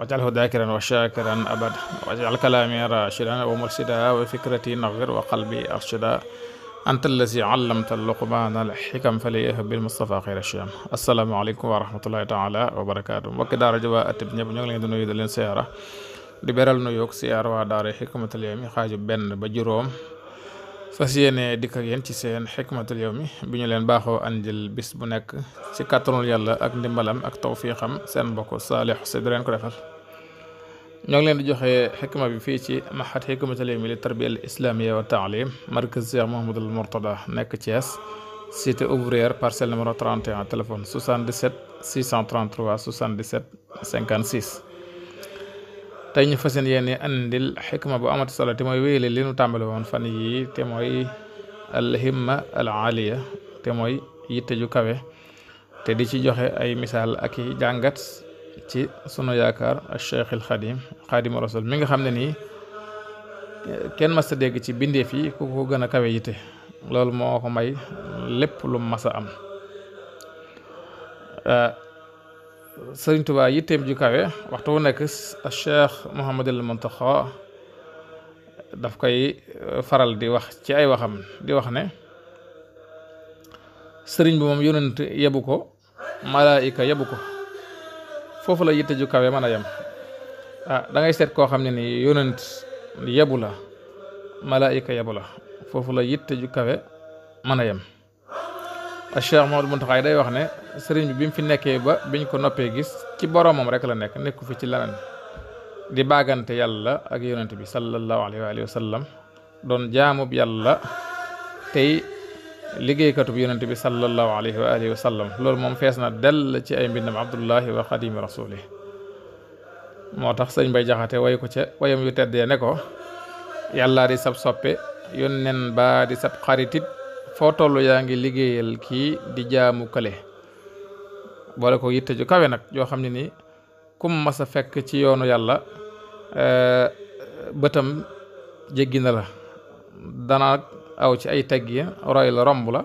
waj'alhu dhaakiran wa shaakiran abad waj'al kalaami raashidan wa murshidan wa fikrati nawwir wa qalbi arshida anta allazi allamta luqmaana al xikam faliyah bil mustafa xayra shiyam asalaamaaleykum wa rahmatullahi taala wa barakaatu mbokki daara ji waa atib ñëpp ñoo fas yéene dikk ak yéen ci seen xikmatul mi bu ñu leen baaxoo andil bis bu nekk ci kàttanul yàlla ak ndimbalam ak tawfiixam seen mbokk Saliou sedd di leen ko defal ñoo ngi leen di joxe xikma bi fii ci mahad xikmatul yawmi li tarbiya al islamiya wa taalim markaz Cheikh Mouhamadoul Mourtada nekk Thiès cité ouvrière parcelle numéro 31 téléphone 77 633 77 56 tey ñu fas yéene andil xikma bu amati solo te mooy wéyale li nu tàmbali woon fan yi te mooy al himma al aaliya te mooy yitte ju kawe te di ci joxe ay misaal ak jàngat ci sunu yaakaar al cheikh al xadim xadimu rasul mi nga xam ne nii kenn mas a dégg ci bindeef yi ku ko gën a kawe yitte loolu moo ko may lépp lu mas a am sëriñ Tuubaa yitteem ju kawe waxtu wu nekk Cheikh Mouhamadul Mountakha daf koy euh, faral di wax ci ay waxam di wax ne sëriñ bi moom yonent yebu ko malaayika yebu ko foofu la yitte ju kawe mën a yem ah dangay seet koo xam ne ni yonent yebu la malaayika yebu la foofu la yitte ju kawe mën a yem Cheikh Mouhamadou Mountakha day wax ne sëriñ bi bi mu fi nekkee ba biñ ko noppee gis ci boromam rek la nekk nekku fi ci leneen di baagante yàlla ak yonent bi sallallahu alayhi wa sallam doon jaamub yàlla tey liggéeykatub yonent bi sallallahu alayhi wa alihi wa loolu moom fees na dell ci ay mbindam abdullahi wa xadimi rasuli moo tax sëñ bay jaxate way ko ca wayam yu teddee ne ko yàllaa di sab soppe yónneen baa di sab xaritit foo toll yaa ngi liggéeyal kii di jaamu kële boole ko yitte ju kawe nag yoo xam ne ni kum mas fekk ci yoonu yàlla eh, bëtam jéggi na la dana aw ci ay tegg yi roy la romb la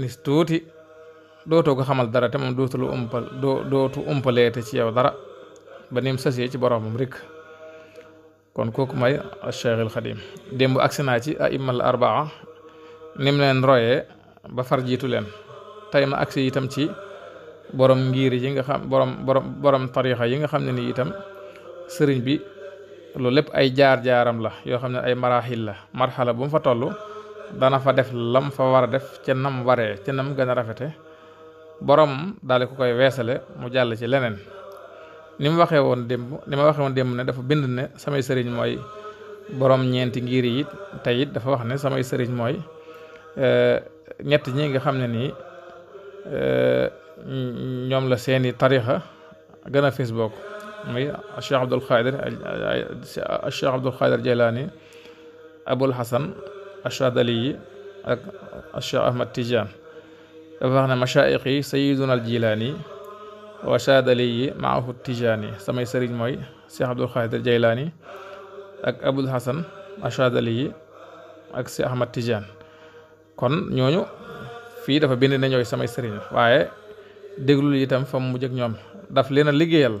nis tuuti dootoo ko xamal dara te moom dootu umpaleete ci yow dara ba nim sësee ci boromam rek kon kooku may Cheikh al Xadim démb agsi naa ci a imal arbaa ni mu leen royee ba far jiitu leen tey ma agsi itam ci borom ngir yi nga xam borom borom borom tarixa yi nga xam ne nii itam sëriñ bi loolu lépp ay jaar-jaaram la yoo xam ne ay maraaxil la marxala bu fa toll dana fa def lam fa war a def ca nam waree ca nam gën a rafete borom daal ko koy weesale mu jàll ci leneen ni mu waxee woon démb ni ma waxee woon démb ne dafa bind ne samay sëriñ mooy borom ñeenti ngir yi tey it dafa wax ne samay sëriñ mooy Euh, ñetti ñi nga xam ne nii euh, ñoom la seeni tarixa gën a fees bokk muy Cheikh Abdul Xaadir Cheikh Abdul Xaadir Jaylaani Abul Hasan Achadali yi ak Cheikh Ahmad Tijaan dafa wax ne machaaiq yi sayiduna al Jilaani maahu Tijaani samay sëriñ mooy Cheikh Abdul Xaadir Jaylaani ak Abul Hasan Achadali yi ak Cheikh Ahmad Tijaan kon ñooñu fii dafa bind ne ñooy samay sëriñ waaye déglul itam fa mu mujj ñoom daf leen a liggéeyal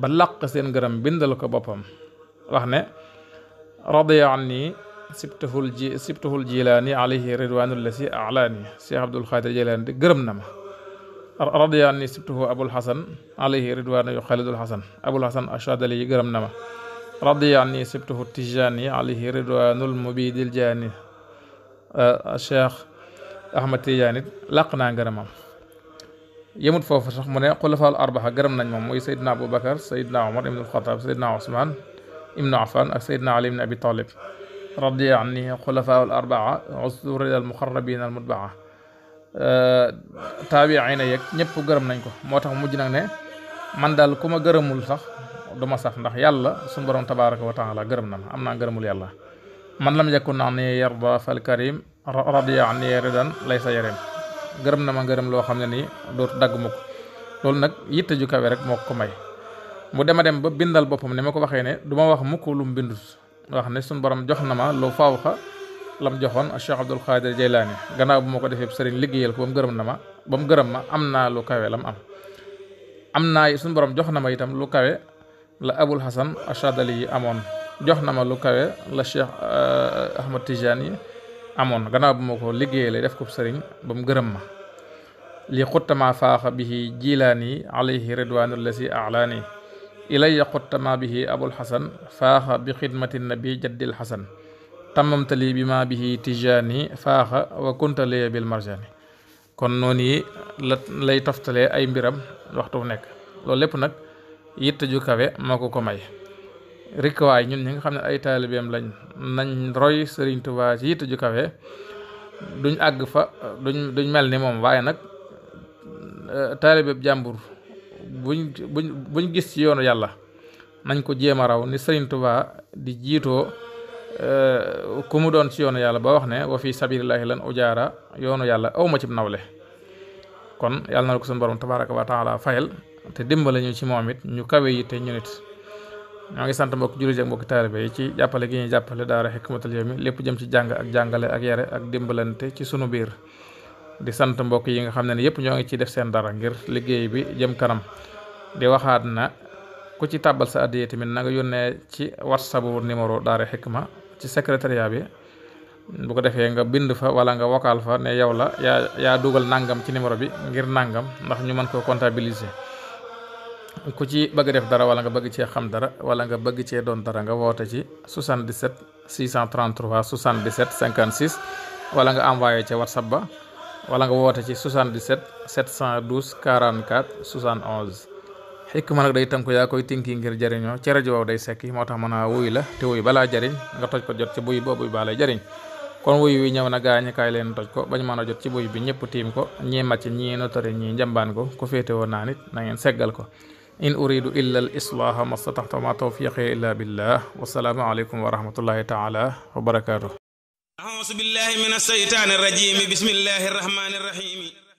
ba làq seen gërëm bindal ko boppam wax ne radiya anni ji sibtahul jilaani alayhi ridwanullah si alaani cheikh abdul xaadir jilaani di gërëm na ma radiya anni sibtahu abul hasan alayhi ridwaanu yu xalidul hasan abul hasan ashadali yi gërëm na ma radiya anni tijaani alayhi ridwaanul mubidil jaani Euh, cheikh ahmad tidiane it làq naa ngërëmam yemut foofu sax mu ne xulafaal arbaxa gërëm nañ moom muy saydna abou bakar saydna omar ibnu alxataab saydna osman ibnu afan ak saydna ali ibnu abi talib radia anni xulafaal arbaa usuri al muqarrabin al mutbaa euh, taabiina yeeg ñëpp gërëm nañ ko moo tax mujj nag ne man daal ku ma gërëmul sax du ma saf ndax yàlla suñu borom tabaraka wa taala gërëm na ma am naa gërëmul yàlla man la mu na lam yakun an yarda fal karim radiya an lay sa yarim gërëm na ma gërëm loo xam ne nii dootu dagg mukk loolu nag yitte ju kawe rek moo ko may mu dema dem ba bindal boppam ni ma ko waxee ne du wax mukk lu mu bindut wax ne suñu borom jox na ma lu faaw xa lam joxoon Cheikh Abdul Xaadir Jaylaani gannaaw bu ma ko defee sëriñ liggéeyal ko ba na ma ba gërëm ma am naa lu kawe lam am am naa suñu borom jox na ma itam lu kawe la Abul Hasan Achadali yi amoon jox na ma lu kawe la Cheikh eh, Ahmad Tijaan yi amoon gannaaw bu ma ko liggéeyale def ko sëriñ ba mu gërëm ma li xuttama faaxa bihi jilaani alayhi ridwanullasi alaani ilaya xuttama bihi abul xasan faaxa bi xidmati nabi jaddil xasan tamamtali bi ma bihi tijaani faaxa wa kuntalee bil marjaani kon noonu lay toftalee ay mbiram waxtu nekk loolu lépp nag yitte ju kawe moo ko ko may rikkwaay ñun ñi nga xam ne ay taalibeem lañ nañ roy Sëriñ Tuubaa ci yitte ju kawe duñ àgg fa duñ duñ mel ni moom waaye nag eh, taalibeeb jàmbur buñ buñ buñ gis ci yoonu yàlla nañ ko jéem a raw ni Sëriñ Tuubaa di jiitoo eh, ku mu doon ci yoonu yàlla ba wax ne wa fi sabilillahi lan ujaara yoonu yàlla awma cib nawle kon yàlla na ko suñu borom tabaaraka wa taala fayal te dimbale ñu ci moom it ñu kawe yi te ñu nit ñoo ngi sant mbokk jullit ak mbokk taalibe yi ci jàppale gi ñuy jàppale daara Hikmatul mi lépp jëm ci jàng ak jàngale ak yare ak dimbalante ci sunu biir di sant mbokk yi nga xam ne ne yëpp ñoo ngi ciy def seen dara ngir liggéey bi jëm kanam di waxaat na ku ci tàbbal sa addiya tamit na yónnee ci whatsapp bu numéro daara ma ci secrétariat bi bu ko defee nga bind fa wala nga vocal fa ne yow la yaa yaa dugal nangam ci numéro bi ngir nangam ndax ñu mën koo comptabiliser ku ci bëgg def dara wala nga bëgg cee xam dara wala nga bëgg cee doon dara nga woote ci 77 633 77 56 wala nga envoyé ca whatsapp ba wala nga woote ci 77 712 44 71 xikma nag day tënku yaa koy tinki ngir jëriñoo ci rajo waaw day sekki moo tax mën a wuy la te wuy balaa jariñ nga toj ko jot ca buy boobu baa lay jëriñ kon wuy wi ñëw na gaañi kaay leen toj ko bañ mën a jot ci buy bi ñëpp tiim ko ñii màcc ñii notari ñii njambaan ko ku féete woon naa nit na ngeen seggal ko in uridu illa al islaaha mastataxta ma tawfiqi illa billah wasalaamu aleykum wa rahmatullahi taala wa barakaatu ausu billahi min alseytaani arrajim bismillahi arrahmani arrahim